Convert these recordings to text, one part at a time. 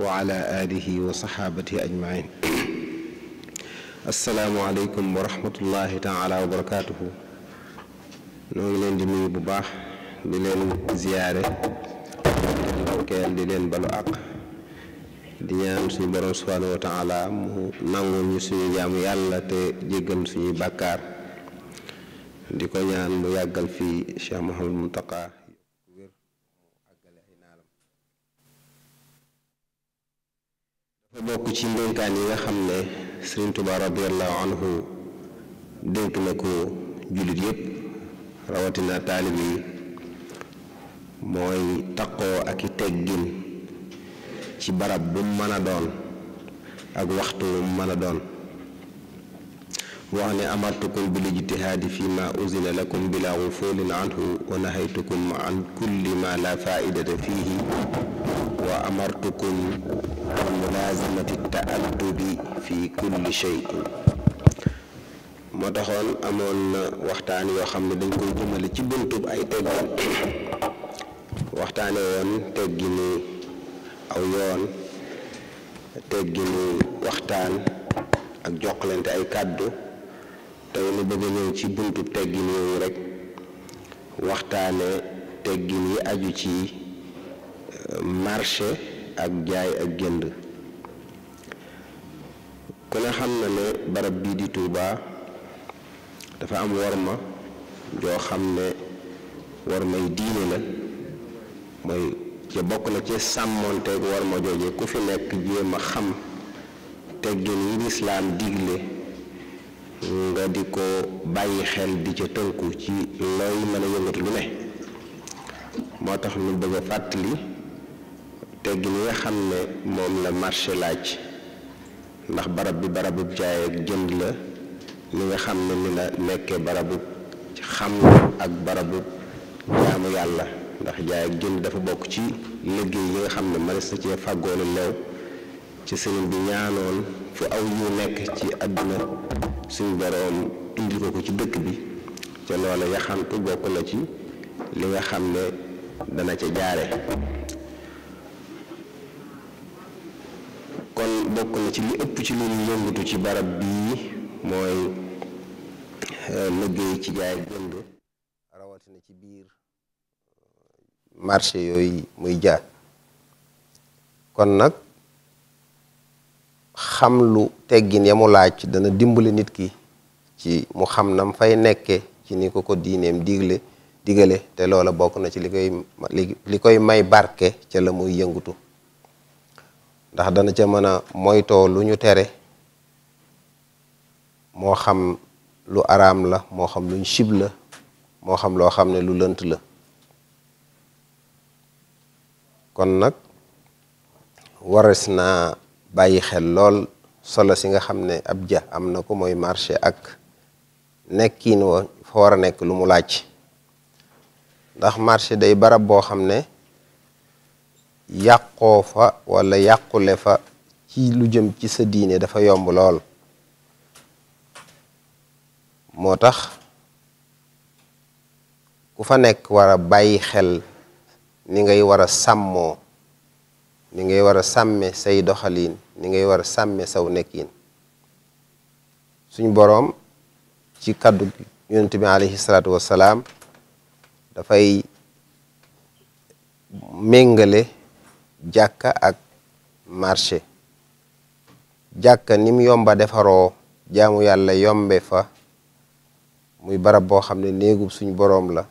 wa ala alihi wa saxaabatihi ajmain assalaamu aleykum wa rahmatullahi wa barakaatuhu noo leen di nuyu bu baax di leen ziyaare di leen ndokkeel di leen balu àq di ñaan suñu boroom subhaanahu wa taala mu nangul suñu jaamu yàlla te jéggal suñuy bàkkaar di ko ñaan mu yàggal fii Cheikh Mouhamadou Mountakha bokk ci ndénkaan yi nga xam ne Sëriñ Tuubaa radiyallahu anhu dénk na ko jullit yépp rawatina taalib yi mooy taqoo ak i ci barab bu mën a doon ak waxtu mën a doon wax ne amartukum bil ijtihaadi fi ma uzina lakum bila wufuulin anhu wa nahaytukum an kulli ma la faidata fihi wa amartukum bi mulazamati taaddubi fi kulli shay moo taxoon amoon na waxtaan yoo xam ne dañ koy jëmale ci buntub ay teggin waxtaane woon tegginu aw yoon tegginu waxtaan ak jokkalante ay kàddu tey nu bëgg a ci buntu teggin yooyu rek waxtaane teggin yi aju ci euh, marché ak jaay ak jënd ku ne xam na ne barab bii di Touba dafa am worma joo xam ne wormay diine la mooy ca bokk na ci sàmmoonteeg worma jooje ku fi nekk jéem a xam teggin yi lislaam digle nga di ko bàyyi xel di ca tënku ci looy mën a yëngatu lu ne moo tax ñu bëgg a fàttali tegg ni nga xam ne moom la marché laaj ndax barab bi barabub jaay ak jënd la ni nga xam ne ni la nekkee barabub xam ak barabub jaamu yàlla ndax jaay ak jënd dafa bokk ci liggéey yi nga xam ne mënees na cee fàggoonu leew ci sëriñ bi ñaanoon fu aw yu nekk ci àdduna suñu boroom indil ko ko ci dëkk bi ca loola yaxantu bokk na ci li nga xam ne dana ca jaare kon bokk na ci li ëpp ci lu ñu yëngatu ci barab bii mooy euh, liggéey ci jaay jënd rawatina ci biir euh, marché yooyu muy jaay kon nag xam lu teggin ya mu laaj dana dimbali nit ki ci mu xam nam fay nekke ci ni ko ko diineem digle digale te loola bokk na ci li koy may barke ca la muy yëngutu ndax dana ca mën a moytoo lu ñu tere moo xam lu araam la moo xam luñ sib la moo xam loo xam ne lu lënt la kon nag waris naa bàyyi xel lool solo si nga xam ne ab ja am na ko mooy marché ak nekkiin wa fa war a nekk lu mu laaj ndax marché day barab boo xam ne yàqoo fa yàqule fa ci lu jëm ci sa diine dafa yomb lool moo tax ku fa nekk war a bàyyi xel ni ngay war a sàmmoo ni ngay war a sàmme say doxaliin ni ngay war a sàmme saw nekkiin suñ boroom ci kaddu yonent bi alayhi salaatu wassalaam dafay méngale jàkka ak marché jàkka nim yomba defaroo jaamu yàlla yombe fa muy barab boo xam ne néegub suñ boroom la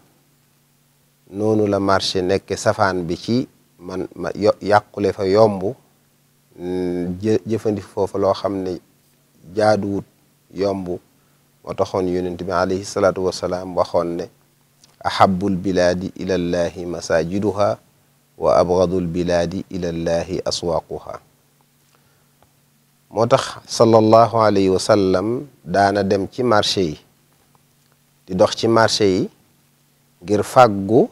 noonu la marché nekk safaan bi ci man ma yàqule fa yomb jëfandi foofa loo xam ne jaaduwut yomb moo taxoon yonent bi alayhi salaatu wasalaam waxoon ne ahabul bilaadi ilallahi masajiduha wa abgadul bilaadi ilallahi aswaaquha moo tax sallallahu alayhi wa daana dem ci marché yi di dox ci marché yi ngir fàggu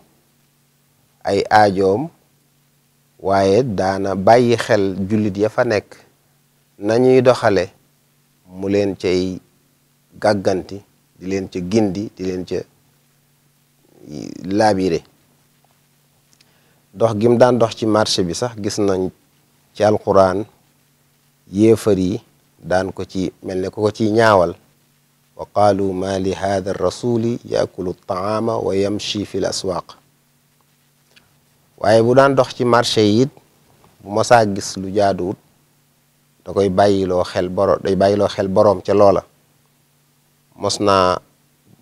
ay ajoom waaye daana bàyyi xel jullit ya fa nekk nañuy doxale mu leen cay gàgganti di leen ca gindi di leen ca laabire dox gim daan dox ci marché bi sax gis nañ ci alquran yéefar yi daan ko ci mel ne ko ko ciy ñaawal wa qaalu ma li hada rasuli yakulu taama wa yamshi fi l aswaaq waaye bu daan dox ci marché yi it bu masaa gis lu jaaduwut da koy bàyyiloo xel boroom bàyyiloo xel boroom ca loola mos naa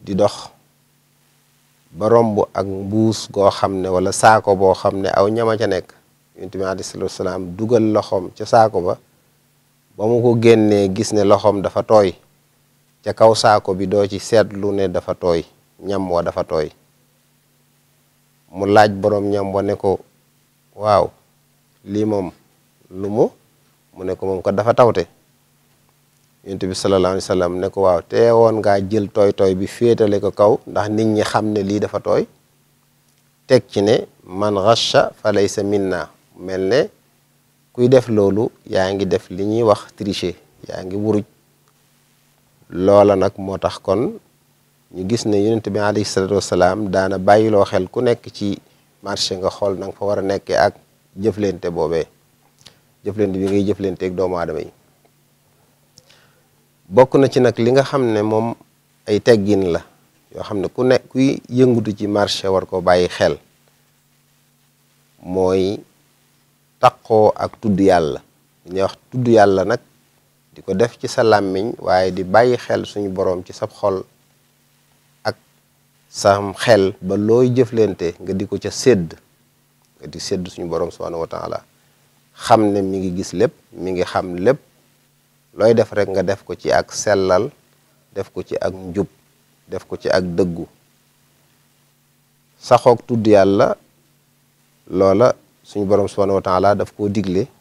di dox ba romb ak mbuus goo xam ne wala saako boo xam ne aw ñama ca nekk yonent bi alayhi salaatu dugal loxoom ca saako ba ba mu ko génnee gis ne loxoom dafa tooy ca kaw saako bi doo ci seetlu ne dafa tooy ñam wa dafa tooy mu laaj boroom ñam wa ne ko waaw lii moom lu mu mu nekko moom ko dafa tawte yonent bi sallallahu alayhi wa sallam ne ko waaw teewoon ngaa jël tooy tooy bi féetale ko kaw ndax nit ñi xam ne lii dafa tooy teg ci ne man ghasha fa laysa minna mel ne kuy def loolu yaa ngi def li ñuy wax tricher yaa ngi wuruj loola nag moo tax kon ñu gis ne yonent bi alayhi salaatu wasalaam daana bàyyiloo xel ku nekk ci marché nga xool nanga nga fa war a nekkee ak jëflante boobee jëflante bi ngay jëflante doomu aadama yi bokk na ci nag li nga xam ne moom ay teggin la yoo xam ne ku ne kuy yëngutu ci marché war koo bàyyi xel mooy taqoo ak tudd yàlla ñuy wax tudd yàlla nag di ko def ci sa làmmiñ waaye di bàyyi xel suñu boroom ci sab xol sam xel ba looy jëflante nga di ko ca sedd nga di sédd suñu borom subhanahu wa taala xam ne mi ngi gis lépp mi ngi xam lépp looy def rekk nga def ko ci ak sellal def ko ci ak njub def ko ci ak dëggu saxoog tudd yàlla loola suñu borom subhanahu wa taala def ko digle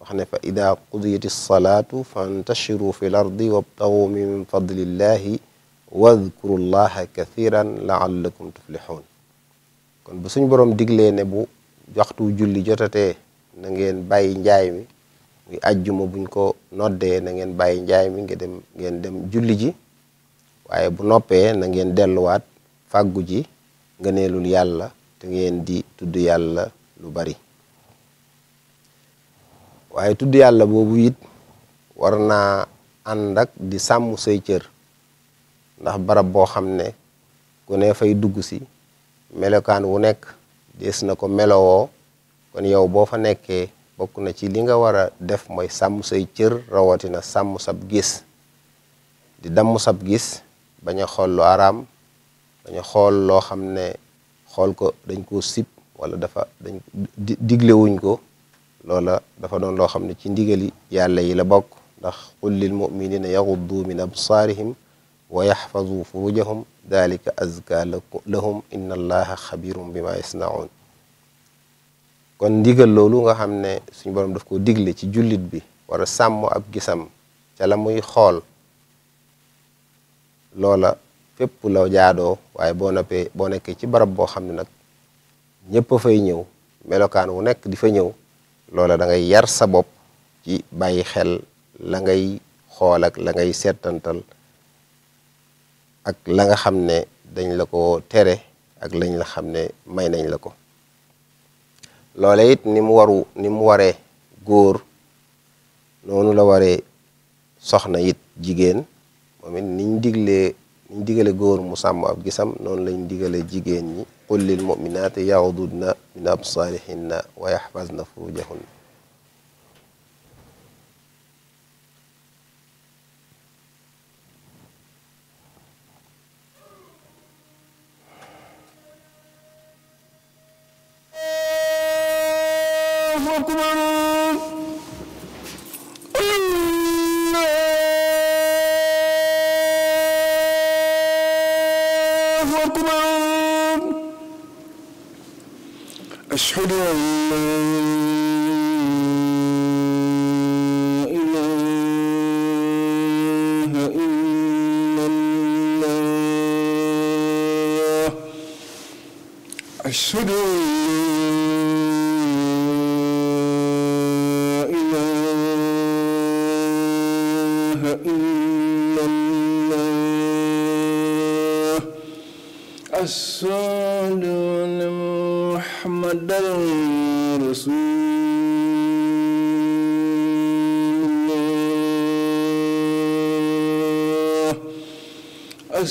wax ne fa ida qudiyati salaatu fantashiru fi l ardi min fadlillahi wadkuru llaha kathiran laallakum tuflihun kon bu suñ boroom diglee ne bu waxtu julli jotatee nangeen bàyyi njaay mi muy ajjuma buñ ko noddee na ngeen bàyyi njaay mi nga dem ngeen dem julli ji waaye bu noppee na ngeen delluwaat fàggu ji ngëneelul yàlla te ngeen di tudd yàlla lu bari waaye tudd yàlla boobu it war naa ànd di sàmm say cër ndax barab boo xam ne ku ne fay dugg si melokaan wu nekk dees na ko melowoo kon yow boo fa nekkee bokk na ci li nga war a def mooy sàmm say cër rawatina sàmm sab gis di damm sab gis bañ xool lu araam bañ xool loo xam ne xool ko dañ koo sib wala dafa dañ wuñ ko loola dafa doon loo xam ne ci ndigali yàlla yi la bokk ndax qul lil muminina yaxuddu min absaarihim wa yaxfadu furujahum dalika azka lahum inna bi xabirum bima yasnaun kon ndigal loolu nga xam ne suñu borom daf ko digle ci jullit bi war a sàmm ab gisam ca la muy xool loola fépp la jaadoo waaye boo noppee boo nekkee ci barab boo xam ne nag ñépp fay ñëw melokaan wu nekk di fa ñëw loola dangay yar sa bopp ci bàyyi xel la ngay xool ak la ngay seetantal ak langa xam ne dañ la ko tere ak lañ la xam ne may nañ la ko loole it ni waru ni mu waree góor noonu la waree soxna yit jigéen moom it niñ diglee niñ digale góor mu sàmm ab gisam noonu lañ digale jigéen ñi qul lil muminaati yaxududna min absaarihinna wa yaxfazna furujahunna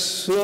su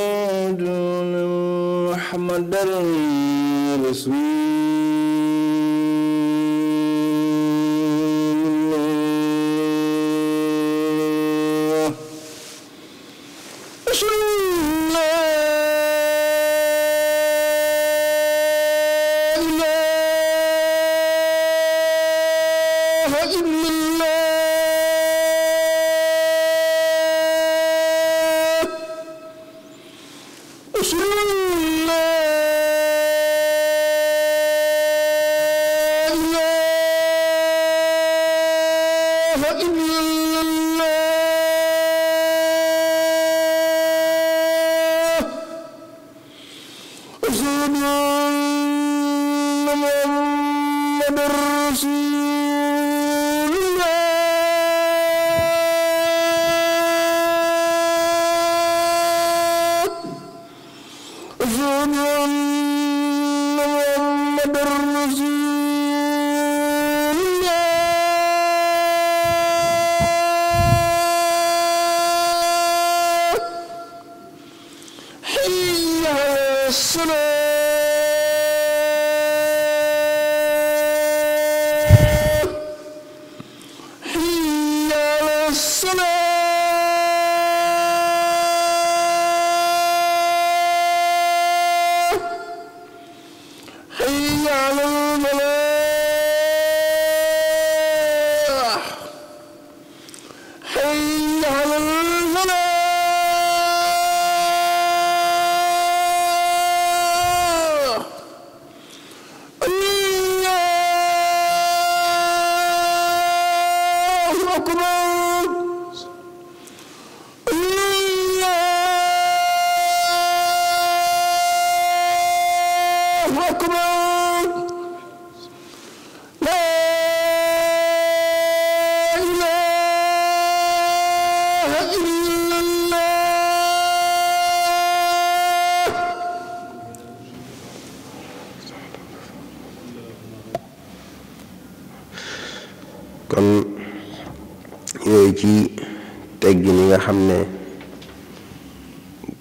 nga xam ne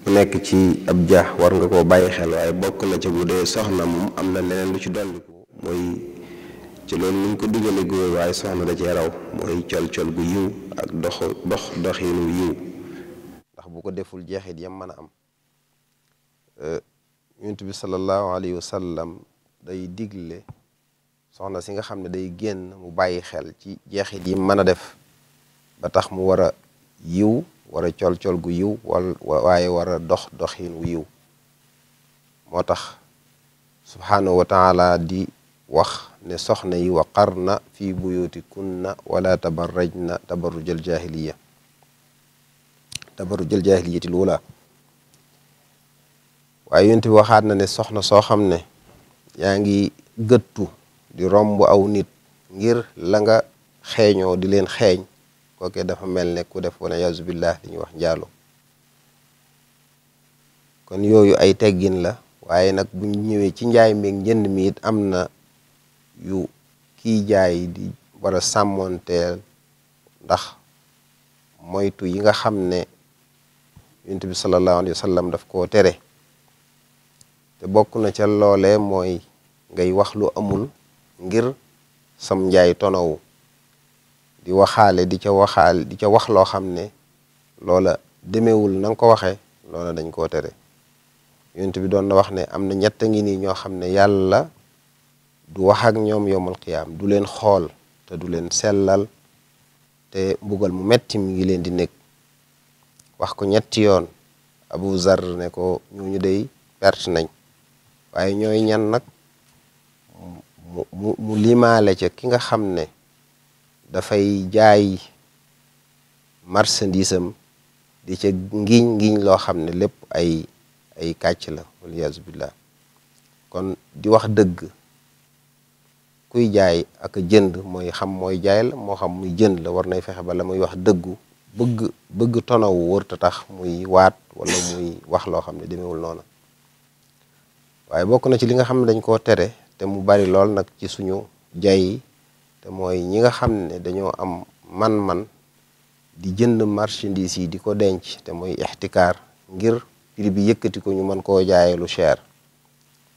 bu nekk ci ab jaax war nga koo bàyyi xel waaye bokk na ci bu dee soxna moom am na leneen lu ci dolliku mooy ci loolu nuñ ko digale góor waaye soxna da cee raw mooy col-col gu yiw ak dox dox doxinu yiw ndax bu ko deful jeexit yam mën a am eh, yonent bi sallallahu alayhi wa day digle soxna si nga xam ne day génn mu bàyyi xel ci jeexit yi mën a def ba tax mu war yiw war a gu yiw wal waaye war a dox doxin yiw moo tax subhaanahu wa taala di wax ne soxna yi na fi buyutikunna wala tabarrajna tabarrujal jahiliya tabarrujal jahiliyatil ula waaye yonent bi waxaat na ne soxna soo xam ne yaa ngi gëttu di romb aw nit ngir la nga xeeñoo di leen xeeñ kookee dafa mel ne ku def wala yaasu billah li ñuy wax njaalo kon yooyu ay teggin la waaye nag buñ ñëwee ci njaay meeg njënd miit am na yu kiy jaay di wara a sàmmonteel ndax moytu yi nga xam ne yonent bi sallallahu alayhi wa sallam daf koo tere te bokk na ca loole mooy ngay wax lu amul ngir sam njaay tonowu di waxaale di ca waxaal di ca wax loo xam ne loola demewul na ko waxee loola dañ koo tere yonent bi doon na wax ne am na ñett ngi ñoo xam ne yàlla du wax ñoom yowmal qiyaam du leen xool te du leen sellal te mbugal mu metti mi ngi leen di nekk wax ko ñetti yoon abu zar ne ko ñuñu dey perte nañ waaye ñooy ñan nag mu limale limaale ki nga xam ne dafay jaay marchandise di ca ngiñ ngiñ loo xam ne lépp ay ay kàcc la waliyaasu billah kon di wax dëgg kuy jaay ak jënd mooy xam mooy jaay la moo xam muy jënd la war nay fexe ba la muy wax dëggu bëgg bëgg tonawu wërta tax muy waat wala muy wax loo xam ne demewul noona waaye bokk na ci li nga xam ne dañ koo tere te mu bari lool nag ci suñu jaay te mooy ñi nga xam ne dañoo am man-man di jënd marchandise yi di ko denc te mooy ixtikaar ngir prix bi yëkkati ko ñu mën koo jaayee lu cher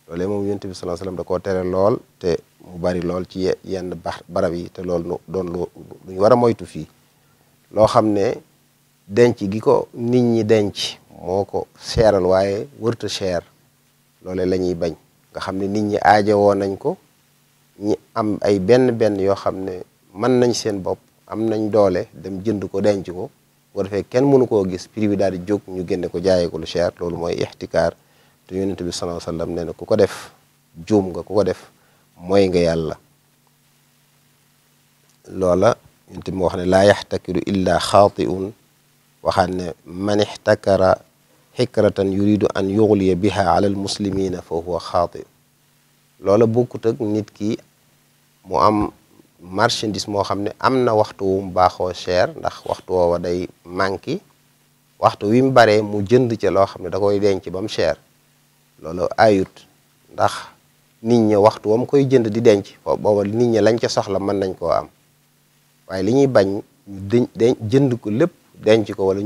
loolee moom bi sallallahu alayhi wasallam da tere lool te mu bari lool ci yenn barab yi te loolu war a moytu fii loo xam ne denc gi ko nit ñi denc moo ko seeral waaye wërta cher loolee la ñuy bañ nga xam ne nit ñi aaje woon nañ ko ñi am ay benn benn yoo xam ne mën nañ seen bopp am nañ doole dem jënd ko denc ko bu defee kenn mënu koo gis prix bi daal di jóg ñu génne ko jaayee ko lu cher loolu mooy ixtikaar te yonent bi sallallahu alayhi wasallam nee na ku ko def juum nga ku ko def mooy nga yàlla loola yonent bi moo wax ne la yaxtakiru illa xaatiun waxaan ne man ixtakara xikratan yuridu an yuxliya biha ala almuslimina fa huwa xaati loola bokkut ak ki mu am marchandise moo xam ne am na waxtu wu mu baaxoo cher ndax waxtu woowa day manqué waxtu wi mu baree mu jënd ca loo xam ne da koy denc ba mu cher loolu ayut ndax nit ñi waxtu wa koy jënd di denc booba nit ñi lañ ca soxla mën nañ koo am waaye li ñuy bañ ñu den jënd ko lépp denc ko wala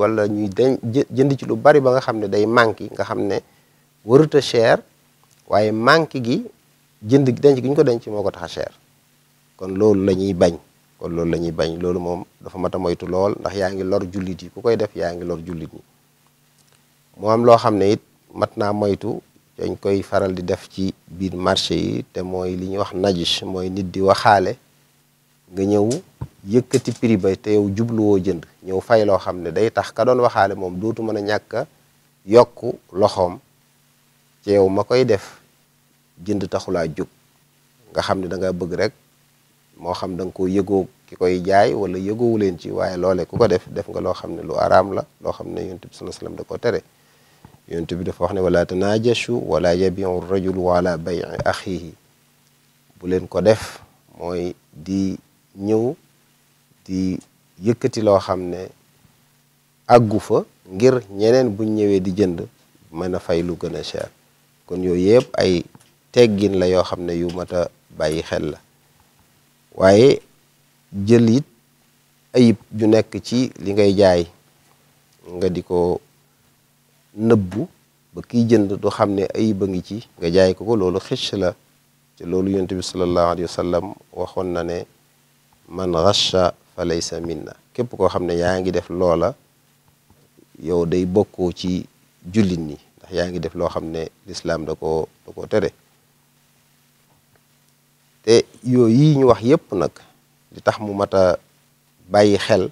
wala ñuy den jënd ci lu bari ba nga xam ne day manqué nga xam ne warut a waaye manqué gi jënd denc gi ñu ko denc moo ko tax a cher kon loolu la ñuy bañ kon loolu la ñuy bañ loolu moom dafa mat a moytu lool ndax yaa ngi lor jullit yi ku koy def yaa ngi lor jullit ñi loo xam ne it mat naa moytu dañ koy faral di def ci biir marché yi te mooy li ñuy wax najis mooy nit di waxaale nga ñëw yëkkati prix ba te yow jubluwoo jënd ñëw fay loo xam ne day tax ka doon waxaale moom dootu mën a ñàkk yokk loxoom ci ma koy def jënd taxulaa jóg nga xam ne da nga bëgg rek moo xam da ko yëgoo ki koy jaay wala yëgoowu leen ci waaye loole ku ko def def nga loo xam ne lu araam la loo xam ne yonent bi sallallahu alayhi wasallam da koo tere yonent bi dafa wax ne wala tanajashu wala yabiu rajulu wala bay'i axihi bu leen ko def mooy di ñëw di yëkkati loo xam ne àggu fa ngir ñeneen buñ ñëwee di jënd mën a fay lu gën a cher kon yooyu yëpp ay teggin la yoo xam ne yu mat bàyyi xel la waaye jël it ayib ju nekk ci li ngay jaay nga di ko nëbbu ba kiy jënd du xam ne ayib a ngi ci nga jaay ko ko loolu xicc la te loolu yonent bi sallallahu alayhi wa sallam waxoon na ne man ghasha fa laysa minna képp koo xam ne yaa ngi def loola yow day bokkoo ci jullit ñi ndax yaa ngi def loo xam ne lislaam da koo da koo tere te yooyu yi ñu wax yépp nag li tax mu mat a bàyyi xel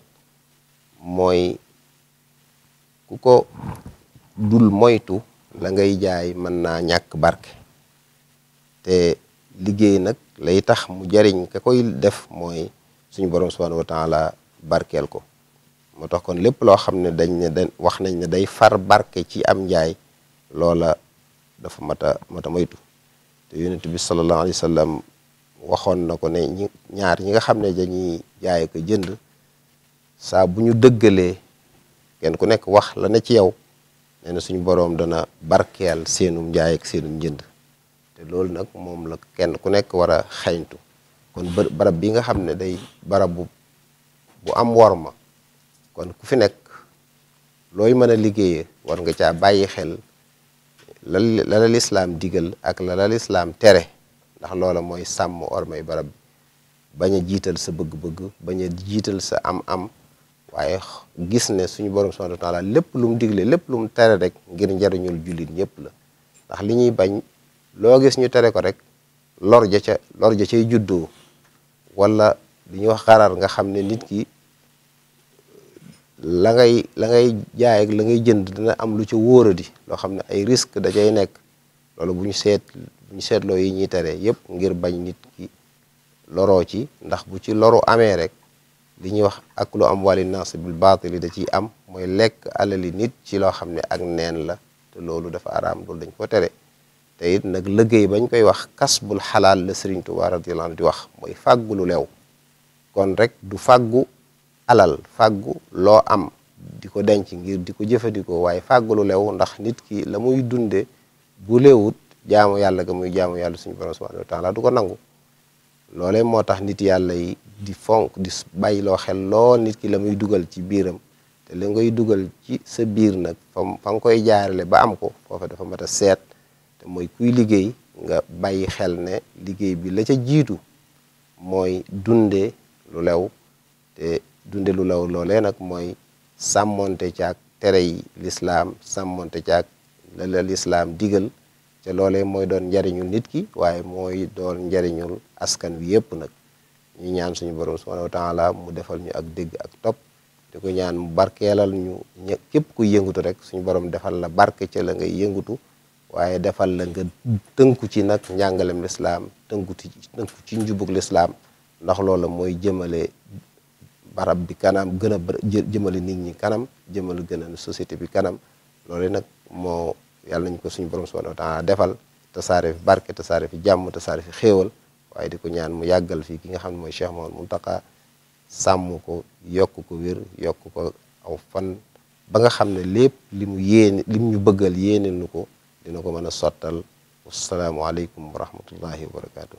mooy ku ko dul moytu la ngay jaay mën naa ñàkk barke te liggéey nag lay tax mu jariñ ka koy def mooy suñu borom subhanahu wa taala barkeel ko moo tax kon lépp loo xam ne dañ ne dañ wax nañ ne day far barke ci am njaay loola dafa mat a mat moytu te yonent bi sallallahu alayhi wa waxoon na ko ne ñi ñaar ñi nga xam ne dañuy jaay ko jënd saa bu ñu dëggalee kenn ku nekk wax la ne ci yow nee na suñu boroom dana barkeel seenum njaay ak seenum njënd te loolu nag moom la kenn ku nekk war a xañtu kon barab bi nga xam ne day barab bu bu am worma kon ku fi nekk looy mën a liggéeyee war nga caa bàyyi xel la la lislaam digal ak la la lislaam tere ndax loola mooy sàmm ormay barab bañ a jiital sa bëgg-bëgg bañ jiital sa am-am waaye gis ne suñu borom subhanahu wa taala lépp lum mu digle lépp lu mu tere rek ngir njariñul jullit ñëpp la ndax li ñuy bañ loo gis ñu tere ko rek loor ja ca lor ja cay juddoo wala li ñuy wax xarar nga xam ne nit ki la ngay la ngay jaay la ngay jënd dana am lu ca wóoradi loo xam ne ay risque da cay nekk loolu bu ñu seet ñu seetloo yi ñi tere yépp ngir bañ nit ki loroo ci ndax bu ci loru amee rek li ñuy wax ak lu am wàlli naas bil baatili da ciy am mooy lekk alali nit ci loo xam ne ak neen la te loolu dafa araam loolu dañ ko tere te it nag liggéey bañ koy wax bul xalaal la Sëriñ Tuubaa radiyallaahu anhu di wax mooy fàggu lu kon rek du fàggu alal fàggu loo am di ko denc ngir di ko jëfandikoo waaye fàggu lu ndax nit ki la muy dunde bu lewut jaamu yàlla ga muy jaamu yàlla suñu borom subhanahu wa taala du ko nangu loolee moo tax nit yàlla yi di fonk di bàyyi loo xel lool nit ki la muy dugal ci biiram te la ngay dugal ci sa biir nag fa fa nga koy jaarale ba am ko foofa dafa mat a seet te mooy kuy liggéey nga bàyyi xel ne liggéey bi la ca jiitu mooy dundee lu lew te dunde lu lew loolee nag mooy sàmmonte caag tere yi lislaam sàmmonte caak la la lislaam digal te loole mooy doon njariñul nit ki waaye mooy doon njariñul askan wi yépp nag ñu ñaan suñu borom subhanahu wa taala mu defal ñu ak dégg ak topp te ko ñaan mu barkeelal ñu képp ku yëngutu rek suñu borom defal la barke ca la ngay yëngutu waaye defal la nga tënku ci nag njàngalem lislaam tënku ci tënku ci njubug lislaam ndax loola mooy jëmale barab bi kanam gën a jëmale nit ñi kanam jëmal gën a société bi kanam loolu nag moo yàlla nañ ko suñu borom subhanahu wa taala defal te saare fi barke te saare fi jàmm te fi xéewal waaye di ko ñaan mu yàggal fii ki nga xam ne mooy Cheikh Mouhamadou Mountakha sàmm ko yokk ko wér yokk ko aw fan ba nga xam ne lépp limu mu yéene li bëggal yéene nu ko dina ko mën a sottal wasalaamualeykum wa rahmatullahi wa barakaatu.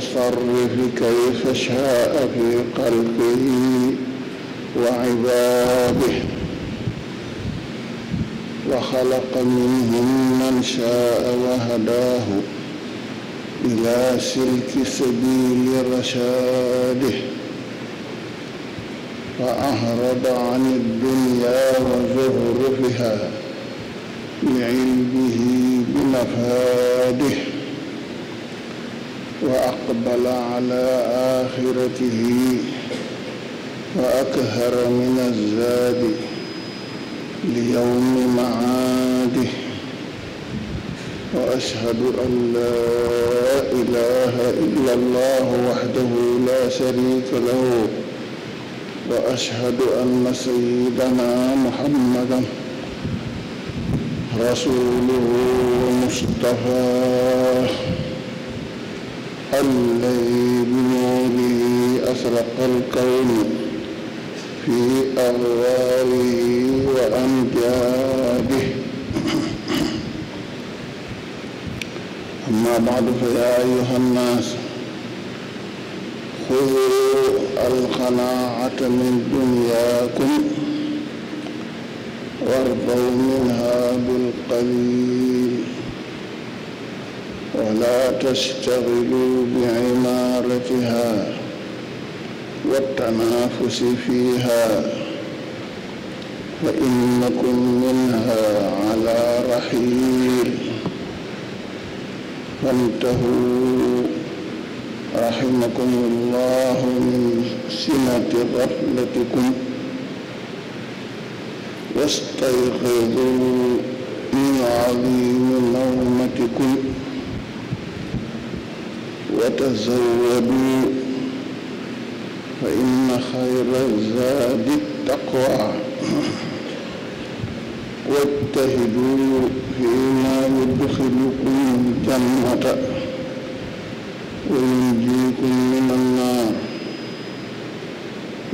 المتصرف كيف شاء في خلقه وعباده وخلق منهم من شاء وهداه إلى سلك سبيل رشاده وأعرض عن الدنيا وزخرفها لعلمه بمفاده وأقبل على آخرته وأكهر من الزاد ليوم معاده وأشهد أن لا إله إلا الله وحده لا شريك له وأشهد أن سيدنا محمدا رسوله ومصطفاه الذي بنوره أشرق الكون في أغواره وأمجاده أما بعد فيا أيها الناس خذوا القناعة من دنياكم وارضوا منها بالقليل ولا تشتغلوا بعمارتها والتنافس فيها فإنكم منها على رحيل فانتهوا رحمكم الله من سنة غفلتكم واستيقظوا من عظيم نومتكم وتزودوا فإن خير الزاد التقوى واجتهدوا فيما يدخلكم الجنة وينجيكم من النار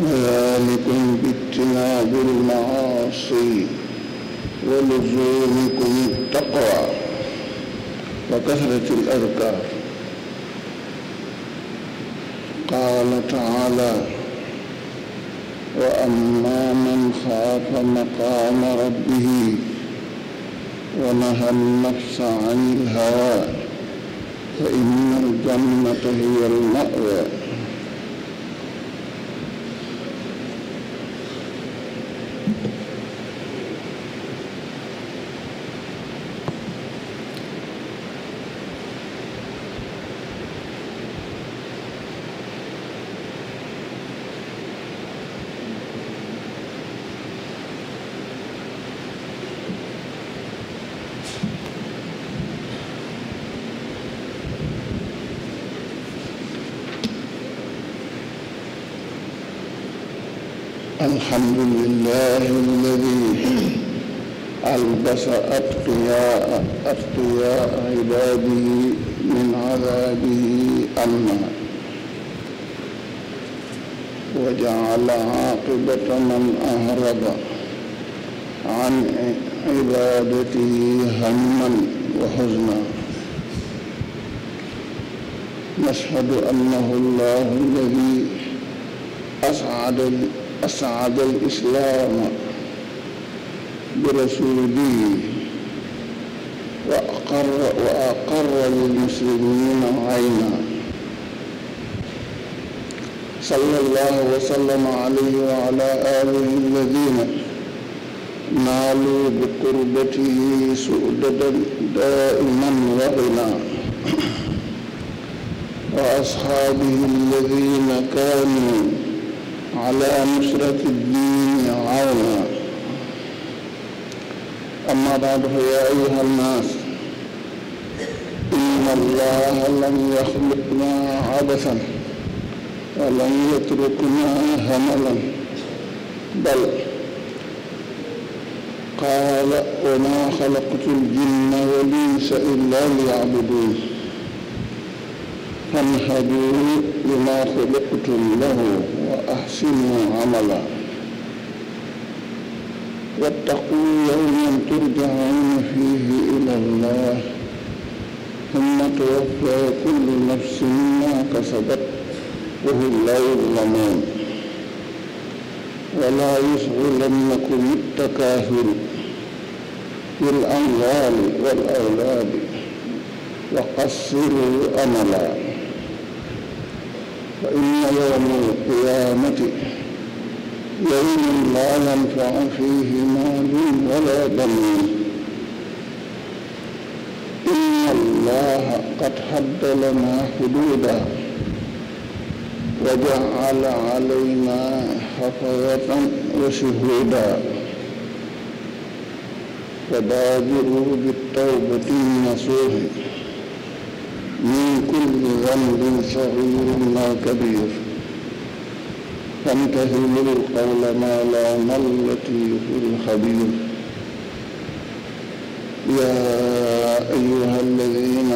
ذلكم باجتناب المعاصي ولزومكم التقوى وكثرة الأذكار قال تعالى واما من خاف مقام ربه ونهى النفس عن الهوى فان الجنه هي الماوى الحمد لله الذي ألبس أتقياء أتقياء عباده من عذابه أمنا وجعل عاقبة من أهرب عن عبادته هما وحزنا نشهد أنه الله الذي أسعد أسعد الإسلام برسوله وأقر وأقر للمسلمين عينا صلى الله وسلم عليه وعلى آله الذين نالوا بقربته سؤددا دائما وغنى وأصحابه الذين كانوا على نصرة الدين عونا أما بعد فيا أيها الناس إن الله لم يخلقنا عبثا ولم يتركنا هملا بل قال وما خلقت الجن والإنس إلا ليعبدون فانهدوا لما خلقتم له وأحسنوا عملا واتقوا يوما ترجعون فيه إلى الله ثم توفى كل نفس ما كسبت وهم لا يظلمون ولا يشغلنكم التكاثر في الأموال والأولاد وقصروا أملا وإن يوم القيامة يوم لا ينفع فيه مال ولا بنون إن الله قد حد لنا حدودا وجعل علينا حفظة وشهودا فبادروا بالتوبة النصوح من كل ذنب صغير ما كبير فامتثل القول ما لا من لطيف الخبير يا أيها الذين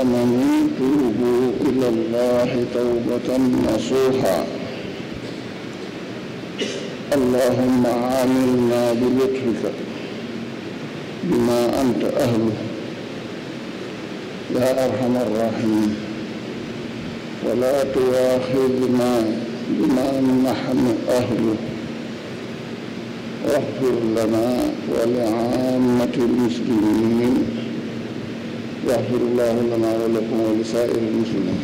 آمنوا توبوا إلى الله توبة نصوحا اللهم عاملنا بلطفك بما أنت أهله يا أرحم الراحمين ولا تؤاخذنا بما نحن أهله واغفر لنا ولعامة المسلمين يغفر الله لنا ولكم ولسائر المسلمين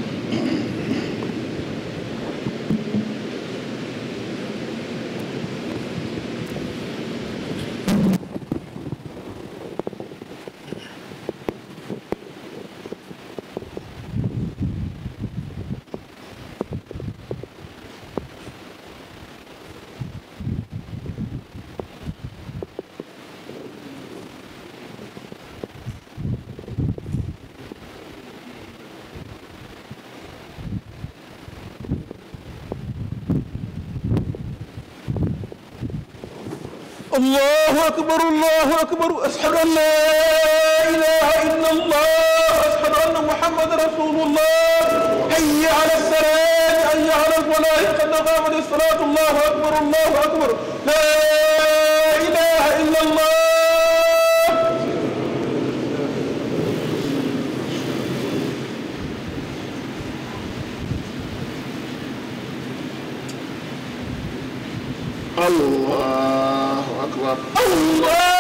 allahu akbar allahu akbar ashhadu an la ilaha illa allah ashhadu anna muhammadan rasulullah hayya ala salaat hayya ala alfalah qad qaamat salaatu allahu akbar allahu akbar akbar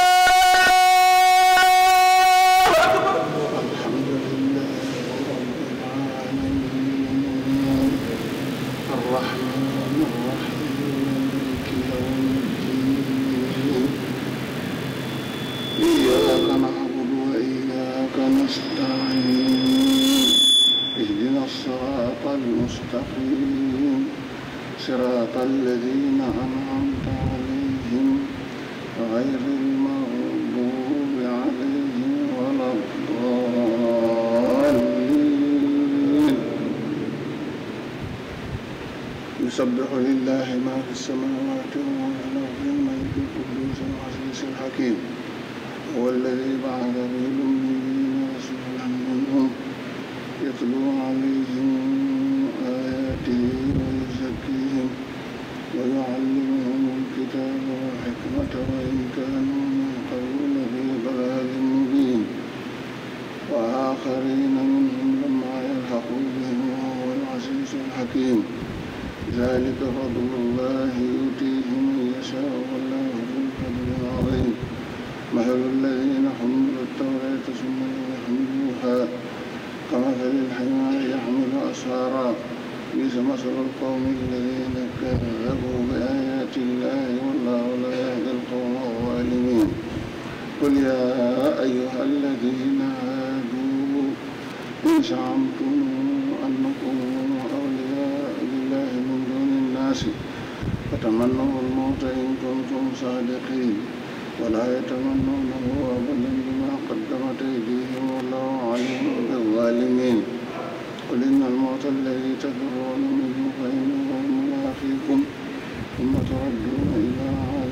يا أيها الذين هادوا إن زعمتم أنكم أولياء لله من دون الناس فتمنوا الموت إن كنتم صادقين ولا يتمنونه أبدا بما قدمت أيديهم والله عليم بالظالمين قل إن الموت الذي تفرون منه فإنه ملاقيكم ثم تردون إلى عالم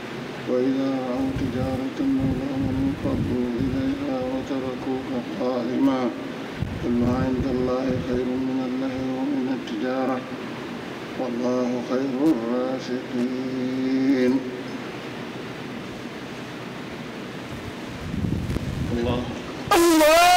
وإذا رأوا تجارة مولاهم انفضوا إليها وتركوك قائما قل ما عند الله خير من اللهو ومن التجارة والله خير الرازقين الله الله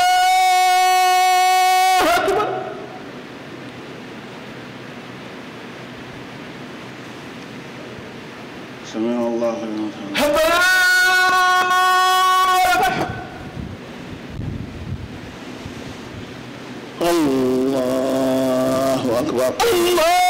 الله أكبر الله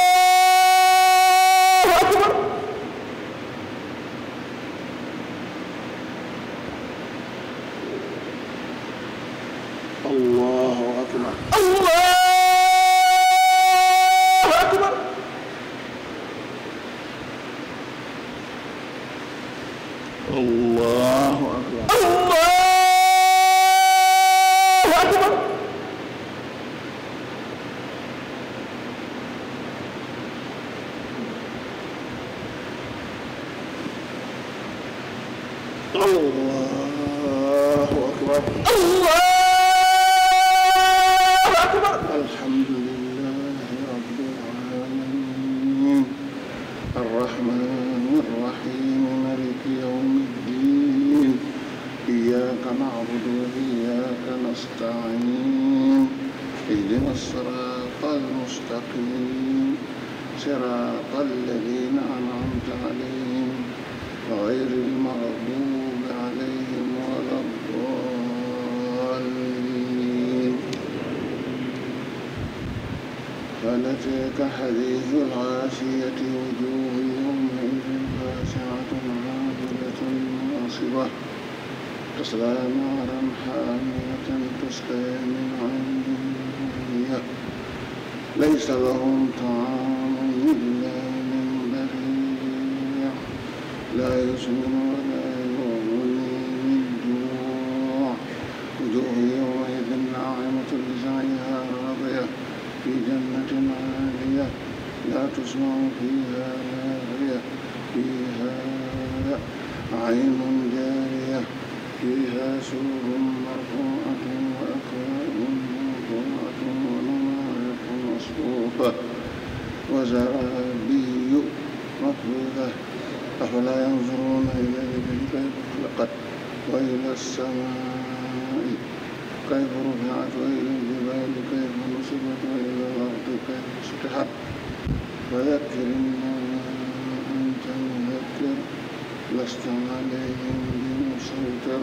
الله تسلى نارا حامية تسقى من عين ليس لهم طعام إلا من ضريع لا يسمن ولا يغني من جوع وجوه يومئذ ناعمة لسعيها راضية في جنة عالية لا تسمع فيها لاغية فيها عين وأشور مرفوعة وأكواب موضوعة ونمارق مصفوفة وزرابي مقبولة أفلا ينظرون إلى الإبل كيف خلقت وإلى السماء كيف رفعت وإلى الجبال كيف نصبت وإلى الأرض كيف سطحت وذكر أنت مذكر لست عليهم بمسيطر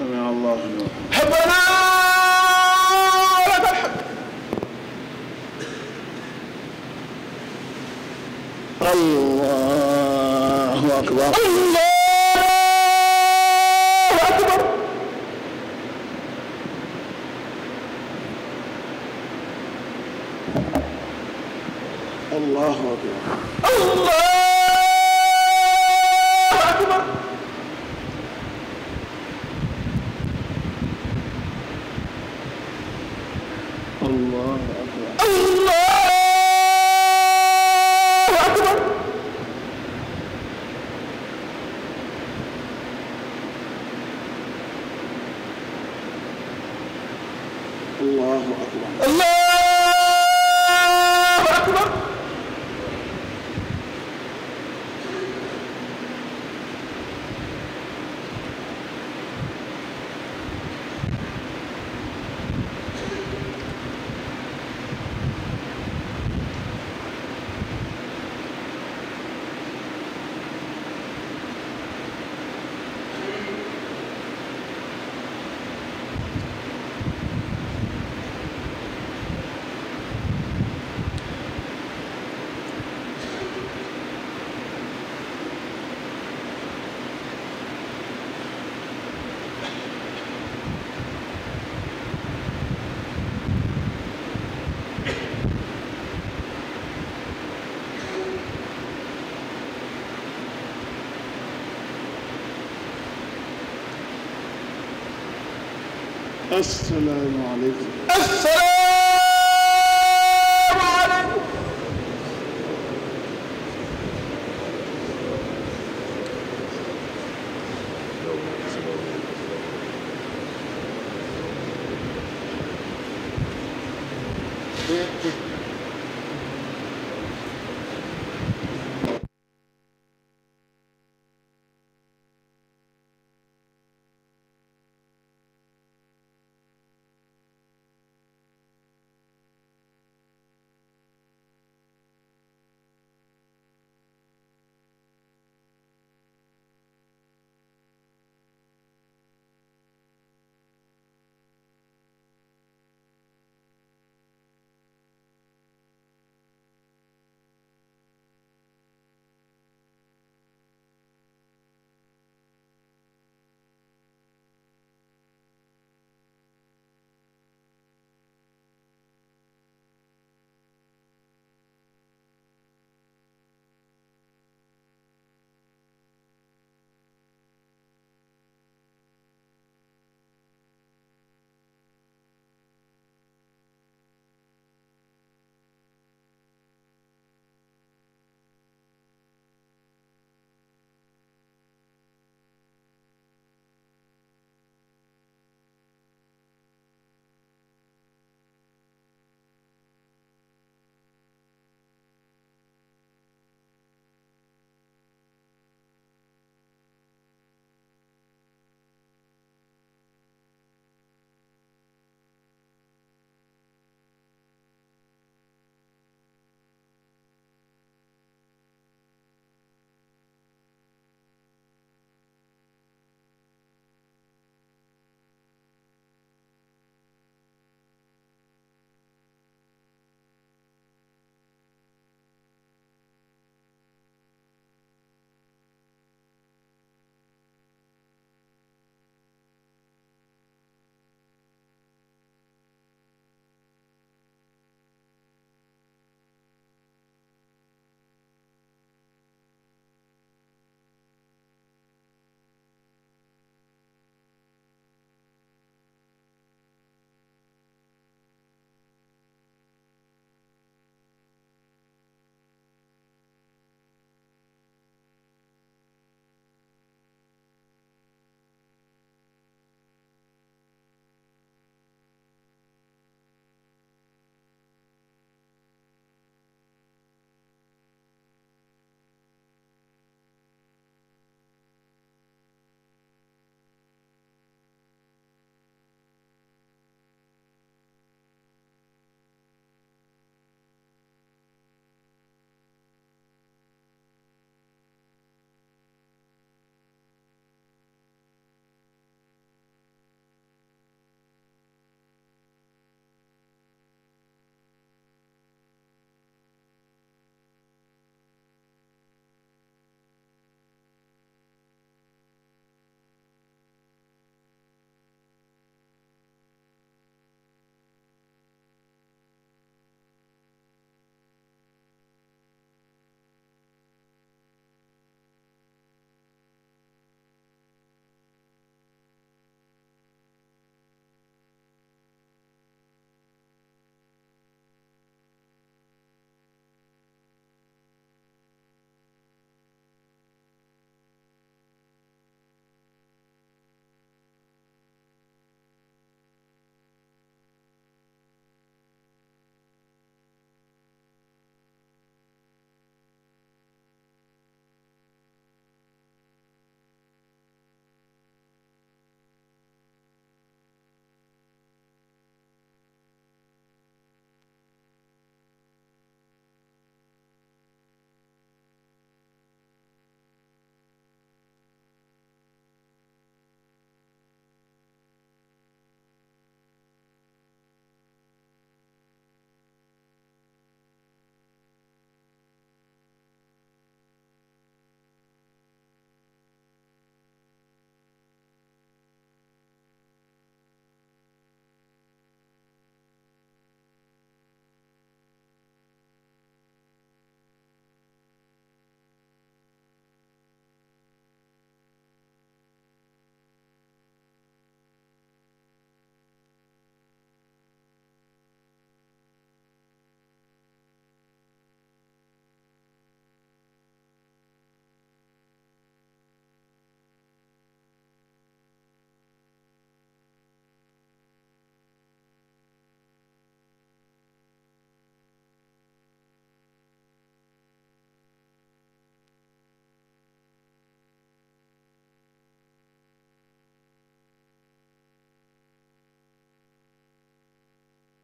سمع الله حبنا لك الحمد الله أكبر الله asalaamaaleykum.